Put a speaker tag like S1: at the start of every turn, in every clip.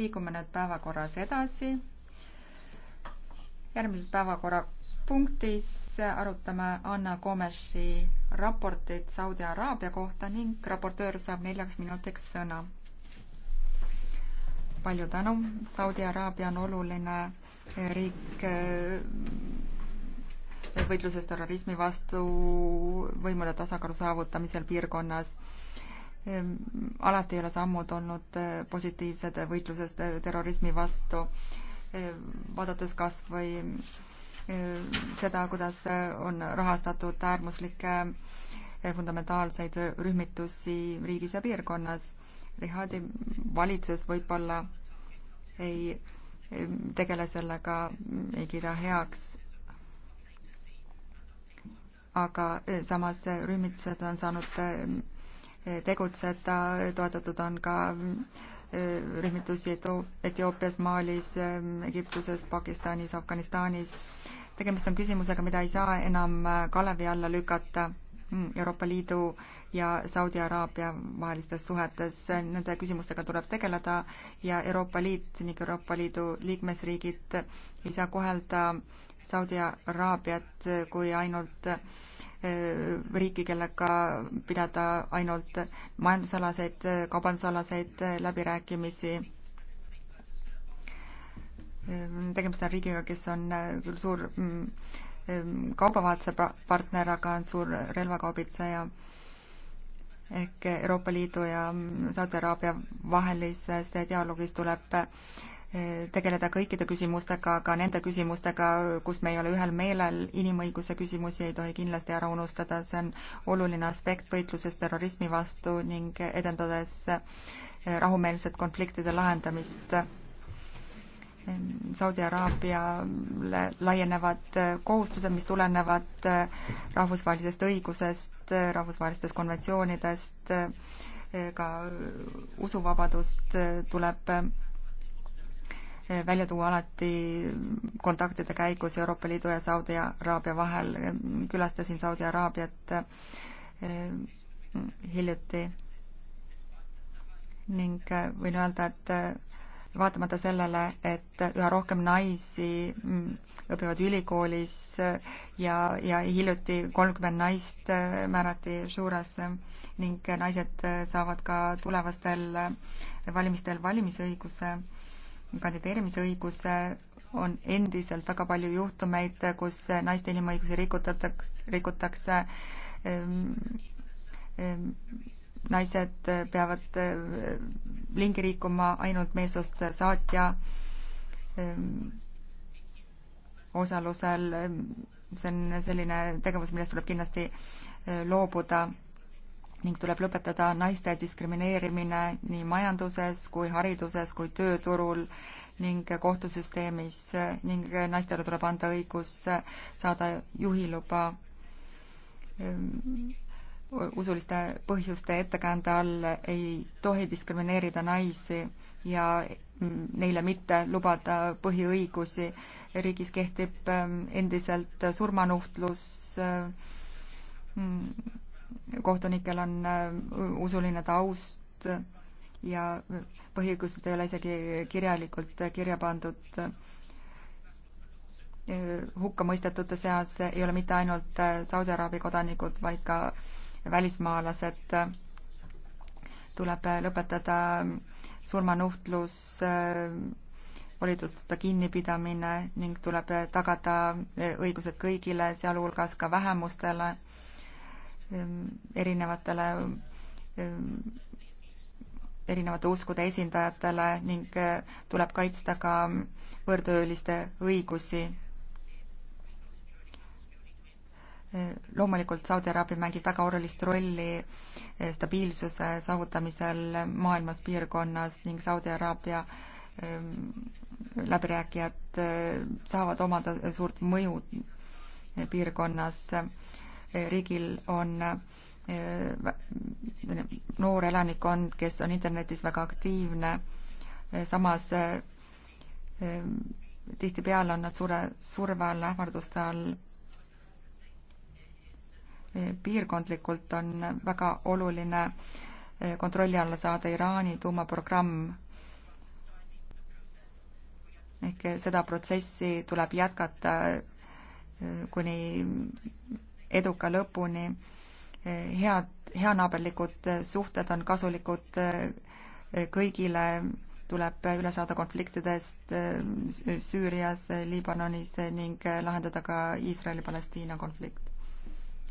S1: liigume nüüd päevakorras edasi. järgmises päevakorrapunktis arutame Anna Komeši raportit Saudi Araabia kohta ning raportöör saab neljaks minutiks sõna. palju tänu, Saudi Araabia on oluline riik eh, võitluses terrorismi vastu võimude tasakaalu saavutamisel piirkonnas alati ei ole sammud olnud eh, positiivsed võitluses eh, terrorismi vastu, vaadates kas või eh, seda, kuidas on rahastatud äärmuslikke fundamentaalseid rühmitusi riigis ja piirkonnas. Rihadi valitsus võib-olla ei tegele sellega, ei kiida heaks. aga samas rühmitused on saanud tegutseda, toetatud on ka e, rühmitusi Etioopias, Malis, e, Egiptuses, Pakistanis, Afganistanis. tegemist on küsimusega, mida ei saa enam kalevi alla lükata mm, Euroopa Liidu ja Saudi Araabia vahelistes suhetes. Nende küsimustega tuleb tegeleda ja Euroopa Liit ning Euroopa Liidu liikmesriigid ei saa kohelda Saudi Araabiat kui ainult äh, Eh, riiki, kellega pidada ainult majandusalaseid, kaubandusalaseid läbirääkimisi. Eh, tegemist on riigiga, kes on eh, küll suur mm, kaubavahetuse partner, aga on suur relvakaubitseja ehk Euroopa Liidu ja Saudi Araabia vahelises dialoogis tuleb tegeleda kõikide küsimustega, aga nende küsimustega, kus me ei ole ühel meelel, inimõiguse küsimusi ei tohi kindlasti ära unustada, see on oluline aspekt võitluses terrorismi vastu ning edendades rahumeelset konfliktide lahendamist. Saudi Araabiale laienevad kohustused, mis tulenevad rahvusvahelisest õigusest, rahvusvahelistest konventsioonidest, ka usuvabadust tuleb välja tuua alati kontaktide käigus Euroopa Liidu ja Saudi Araabia vahel. külastasin Saudi Araabiat eh, hiljuti ning eh, võin öelda, et eh, vaatamata sellele, et üha rohkem naisi mm, õpivad ülikoolis ja, ja hiljuti kolmkümmend naist määrati Shurasse ning naised saavad ka tulevastel valimistel valimisõiguse kandideerimisõiguse on endiselt väga palju juhtumeid, kus naiste inimõigusi rikutatakse, rikutakse ehm, ehm, naised peavad ehm, lingi liikuma ainult meesost saatja osalusel. see on selline tegevus, millest tuleb kindlasti loobuda ning tuleb lõpetada naiste diskrimineerimine nii majanduses kui hariduses kui tööturul ning kohtusüsteemis ning naistele tuleb anda õigus saada juhiluba ehm, usuliste põhjuste ettekäänd all ei tohi diskrimineerida naisi ja mm, neile mitte lubada põhiõigusi. riigis kehtib ehm, endiselt surmanuhtlus ehm, kohtunikel on äh, usuline taust ja põhiõigused ei ole isegi kirjalikult kirja pandud. Äh, hukkamõistetute seas ei ole mitte ainult äh, Saudi Araabia kodanikud, vaid ka välismaalased. tuleb lõpetada surmanuhtlus, volitusteta kinnipidamine ning tuleb tagada õigused kõigile, sealhulgas ka vähemustele Ehm, erinevatele, ehm, erinevate uskude esindajatele ning eh, tuleb kaitsta ka võõrtööliste õigusi. Ehm, loomulikult Saudi Araabia mängib väga olulist rolli eh, stabiilsuse saavutamisel maailmas piirkonnas ning Saudi Araabia läbirääkijad eh, saavad omada suurt mõju piirkonnas riigil on eh, noor elanikkond, kes on internetis väga aktiivne, eh, samas eh, tihtipeale on nad suure surve all, ähvarduste all. piirkondlikult on väga oluline kontrolli alla saada Iraani tuumaprogramm. ehk seda protsessi tuleb jätkata kuni eduka lõpuni. head, heanaaberlikud suhted on kasulikud eh, kõigile, tuleb üle saada konfliktidest eh, Süürias, Liibanonis ning lahendada ka Iisraeli-Palestiina konflikt.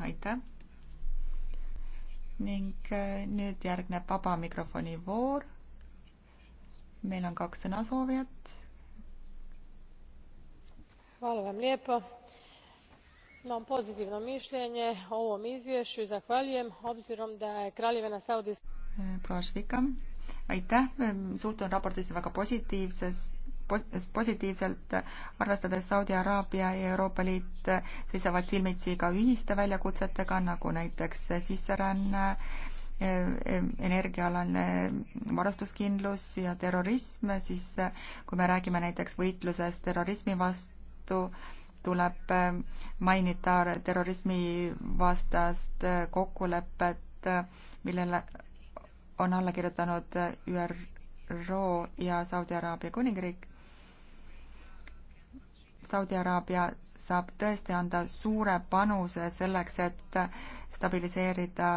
S1: aitäh! ning eh, nüüd järgneb vaba mikrofoni voor. meil on kaks sõnasoovijat imam pozitivno miljenje o ovom izvjeu i zahvaljujem obzirom da je kraljevina saudijska e, aitäh, e, suhtun raportisse väga positiivses positiivselt, arvestades Saudi Araabia ja Euroopa Liit e, seisavad silmitsi ka ühiste väljakutsetega, nagu näiteks sisseränne, energiaalane varustuskindlus ja terrorism, siis kui me räägime näiteks võitlusest terrorismi vastu, tuleb äh, mainida terrorismi vastast äh, kokkulepet, äh, millele on alla kirjutanud ÜRO ja Saudi-Araabia kuningriik. Saudi-Araabia saab tõesti anda suure panuse selleks, et stabiliseerida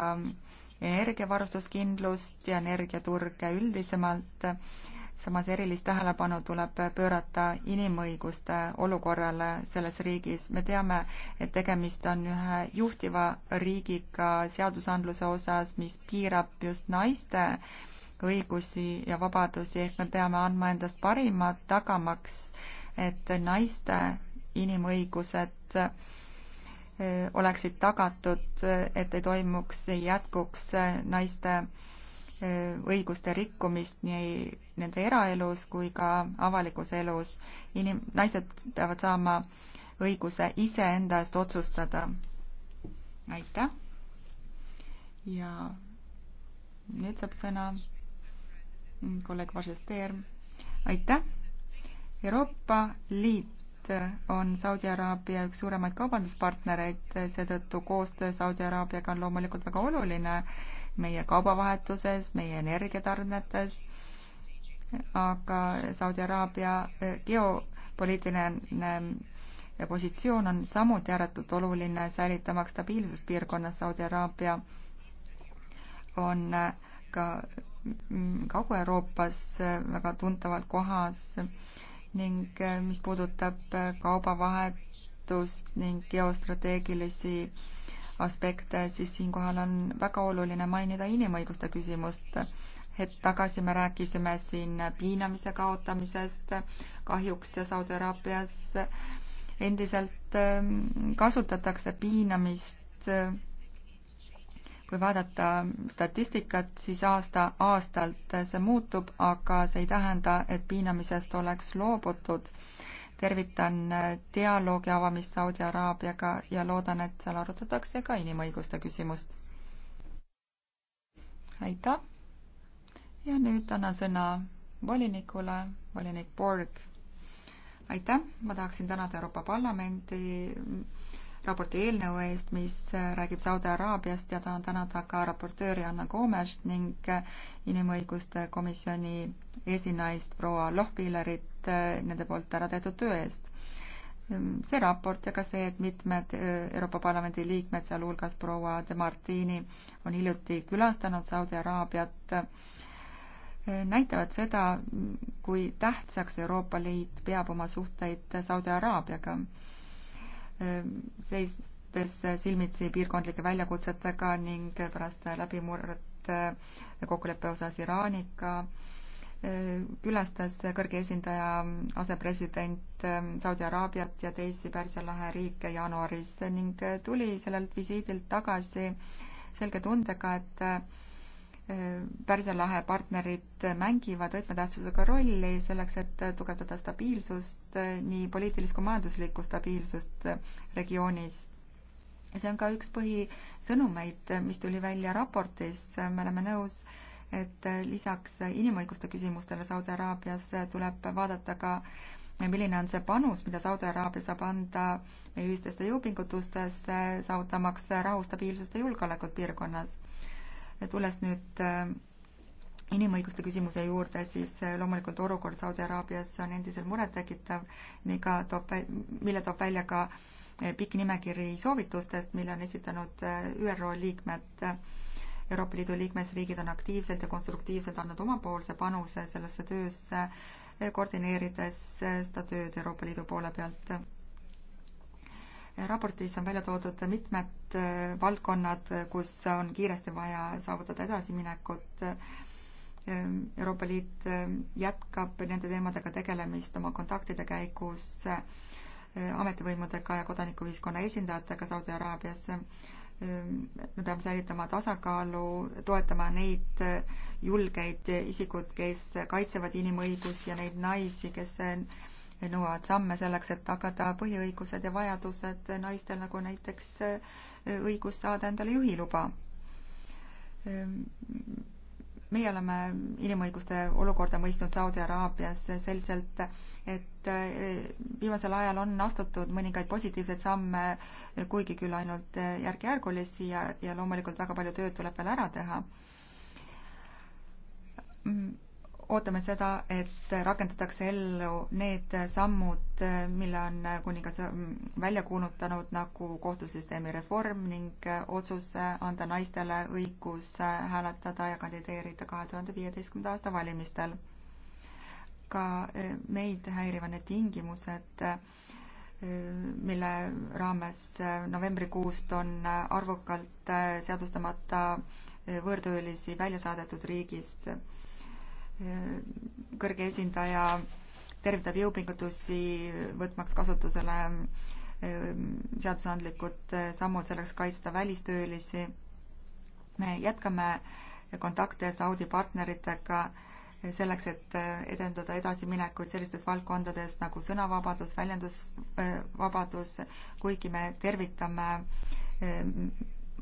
S1: energiavarustuskindlust ja energiaturge üldisemalt samas erilist tähelepanu tuleb pöörata inimõiguste olukorrale selles riigis. me teame, et tegemist on ühe juhtiva riigiga seadusandluse osas, mis piirab just naiste õigusi ja vabadusi, ehk me peame andma endast parimat, tagamaks, et naiste inimõigused eh, oleksid tagatud, et ei toimuks, ei jätkuks naiste Äh, õiguste rikkumist nii nende eraelus kui ka avalikus elus. inim-, naised peavad saama õiguse iseenda eest otsustada. aitäh! ja nüüd saab sõna kolleeg Važesteer. aitäh! Euroopa Liit on Saudi Araabia üks suuremaid kaubanduspartnereid, seetõttu koostöö Saudi Araabiaga on loomulikult väga oluline meie kaubavahetuses, meie energiatarnetes, aga Saudi Araabia eh, geopoliitiline eh, positsioon on samuti ääretult oluline, säilitamaks stabiilsust piirkonnas. Saudi Araabia on eh, ka mm, Kagu-Euroopas väga tuntavalt kohas ning mis puudutab kaubavahetust ning geostrateegilisi aspekte, siis siinkohal on väga oluline mainida inimõiguste küsimust. hetk tagasi me rääkisime siin piinamise kaotamisest, kahjuks Saudi Araabias endiselt ähm, kasutatakse piinamist. kui vaadata statistikat, siis aasta aastalt see muutub, aga see ei tähenda, et piinamisest oleks loobutud tervitan äh, dialoogi avamist Saudi Araabiaga ja loodan, et seal arutatakse ka inimõiguste küsimust. aitäh! ja nüüd annan sõna volinikule, volinik Borg. aitäh, ma tahaksin tänada Euroopa Parlamendi mm, raporti eelnõu eest, mis äh, räägib Saudi Araabiast ja tahan tänada ka raportööri Anna Koomest ning äh, inimõiguste komisjoni esinaist proua Lohpillerit Liidult äh, nende poolt ära tehtud töö eest. Ehm, see raport ja ka see, et mitmed äh, Euroopa Parlamendi liikmed, sealhulgas proua De Martini, on hiljuti külastanud Saudi Araabiat, äh, näitavad seda, kui tähtsaks Euroopa Liit peab oma suhteid Saudi Araabiaga. Ehm, seistes silmitsi piirkondlike väljakutsetega ning pärast läbimurret kokkuleppe osas Iraaniga külastas kõrge esindaja asepresident ähm, Saudi Araabiat ja teisi Pärsia lahe riike jaanuaris ning äh, tuli sellelt visiidilt tagasi selge tundega, et äh, Pärsia lahe partnerid mängivad võtmetähtsusega rolli selleks, et tugevdada stabiilsust, äh, nii poliitilist kui majanduslikku stabiilsust regioonis. ja see on ka üks põhisõnumeid, mis tuli välja raportis, me oleme nõus äh, et lisaks inimõiguste küsimustele Saudi Araabias tuleb vaadata ka, milline on see panus, mida Saudi Araabia saab anda meie ühistesse jõupingutustesse, saavutamaks rahu, stabiilsust ja julgeolekut piirkonnas. tulles nüüd äh, inimõiguste küsimuse juurde, siis äh, loomulikult olukord Saudi Araabias on endiselt murettekitav, nii ka toob, mille toob välja ka äh, pikk nimekiri soovitustest, mille on esitanud ÜRO liikmed Euroopa Liidu liikmesriigid on aktiivselt ja konstruktiivselt andnud omapoolse panuse sellesse töösse, koordineerides seda tööd Euroopa Liidu poole pealt. raportis on välja toodud mitmed valdkonnad, kus on kiiresti vaja saavutada edasiminekut. Euroopa Liit jätkab nende teemadega tegelemist oma kontaktide käigus ametivõimudega ja kodanikuühiskonna esindajatega Saudi Araabias Ehm, me peame säilitama tasakaalu, toetama neid eh, julgeid isikud, kes kaitsevad inimõigusi ja neid naisi, kes eh, nõuavad samme selleks, et tagada põhiõigused ja vajadused naistel, nagu näiteks eh, õigus saada endale juhiluba ehm, meie oleme inimõiguste olukorda mõistnud Saudi Araabias selliselt, et eh, viimasel ajal on astutud mõningaid positiivseid samme, kuigi küll ainult eh, järk-järgulisi ja, ja loomulikult väga palju tööd tuleb veel ära teha mm, ootame seda, et rakendatakse ellu need sammud, mille on kuningas välja kuulutanud, nagu kohtusüsteemi reform ning otsus anda naistele õigus hääletada ja kandideerida kahe tuhande viieteistkümnenda aasta valimistel. ka eh, meid häirivad need tingimused eh, mille raames eh, novembrikuust on arvukalt seadustamata võõrtöölisi välja saadetud riigist kõrge esindaja tervitab jõupingutusi, võtmaks kasutusele ehm, seadusandlikud eh, sammud selleks kaitsta välistöölisi. me jätkame kontakte Saudi partneritega eh, selleks, et eh, edendada edasiminekuid sellistes valdkondades nagu sõnavabadus, väljendusvabadus, kuigi me tervitame ehm,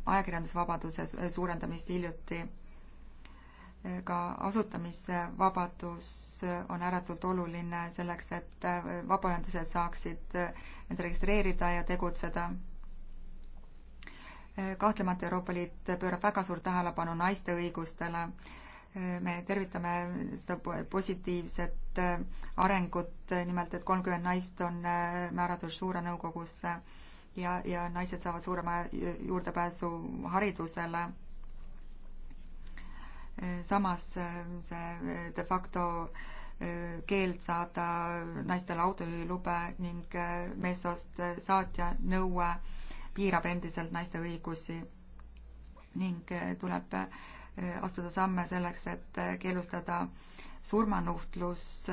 S1: ajakirjandusvabaduse suurendamist hiljuti ka asutamisvabadus on ääretult oluline selleks, et vabaühendused saaksid end registreerida ja tegutseda. kahtlemata Euroopa Liit pöörab väga suurt tähelepanu naiste õigustele. me tervitame seda positiivset arengut, nimelt et kolmkümmend naist on määratud suure nõukogusse ja, ja naised saavad suurema juurdepääsu haridusele samas see eh, de facto eh, keeld saada naistele autojuhilube ning eh, meessoost saatja nõue piirab endiselt naiste õigusi ning tuleb astuda samme selleks, et keelustada surmanuhtlus,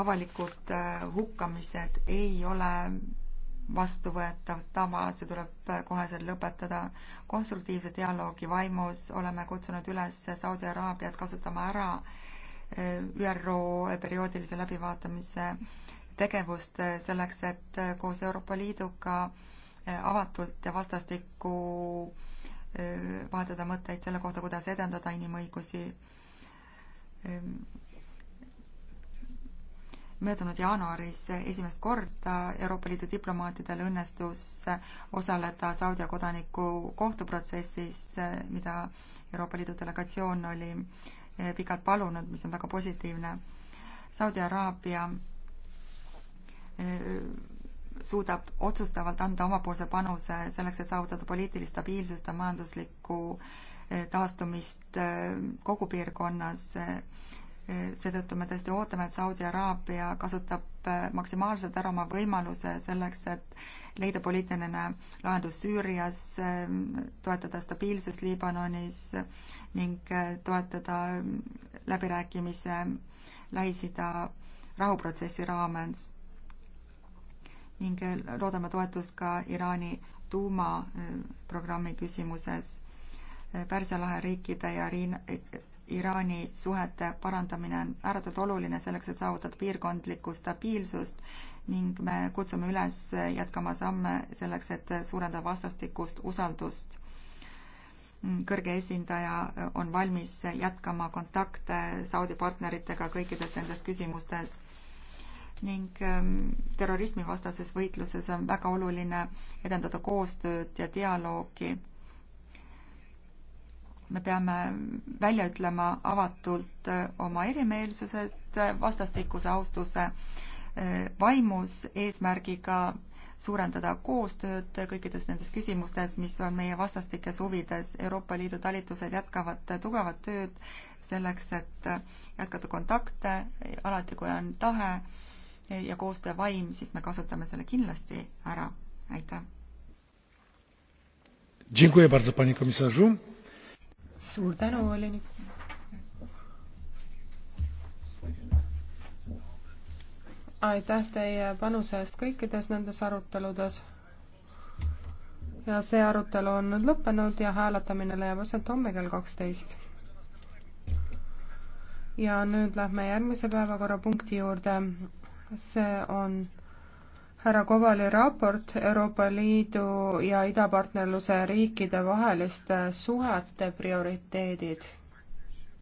S1: avalikud hukkamised ei ole vastuvõetav tava, see tuleb koheselt lõpetada. konstruktiivse dialoogi vaimus oleme kutsunud üles Saudi Araabiat kasutama ära eh, ÜRO perioodilise läbivaatamise tegevust eh, selleks, et eh, koos Euroopa Liiduga avatult ja vastastikku vahetada mõtteid selle kohta, kuidas edendada inimõigusi ehm, möödunud jaanuaris esimest korda Euroopa Liidu diplomaatidel õnnestus osaleda Saudi kodaniku kohtuprotsessis, mida Euroopa Liidu delegatsioon oli eh, pikalt palunud, mis on väga positiivne. Saudi Araabia eh, suudab otsustavalt anda omapoolse panuse selleks, et saavutada poliitilist stabiilsust ja majanduslikku eh, taastumist kogu piirkonnas seetõttu me tõesti ootame, et Saudi Araabia kasutab äh, maksimaalselt ära oma võimaluse selleks, et leida poliitiline lahendus Süürias, ähm, toetada stabiilsust Liibanonis ning äh, toetada ähm, läbirääkimise Lähis-Ida rahuprotsessi raames. ning äh, loodame toetust ka Iraani tuumaprogrammi küsimuses Pärsia lahe riikide ja Riina, Iraani suhete parandamine on ääretult oluline selleks, et saavutada piirkondlikku stabiilsust ning me kutsume üles jätkama samme selleks, et suurendada vastastikust usaldust. kõrge esindaja on valmis jätkama kontakte Saudi partneritega kõikides nendes küsimustes ning ähm, terrorismivastases võitluses on väga oluline edendada koostööd ja dialoogi me peame välja ütlema avatult äh, oma erimeelsused äh, vastastikuse austuse äh, vaimus eesmärgiga suurendada koostööd kõikides nendes küsimustes, mis on meie vastastikes huvides. Euroopa Liidu talitused jätkavad tugevat tööd selleks, et jätkata kontakte alati, kui on tahe ja koostöövaim, siis me kasutame selle kindlasti ära. aitäh! Dziękuję bardzo, panie komisarzu suur tänu, Oleni. aitäh teie panuse eest kõikides nendes aruteludes. ja see arutelu on nüüd lõppenud ja hääletamine leiab aset homme kell kaksteist. ja nüüd lähme järgmise päevakorrapunkti juurde. see on härra Kovali raport Euroopa Liidu ja idapartnerluse riikide vaheliste suhete prioriteedid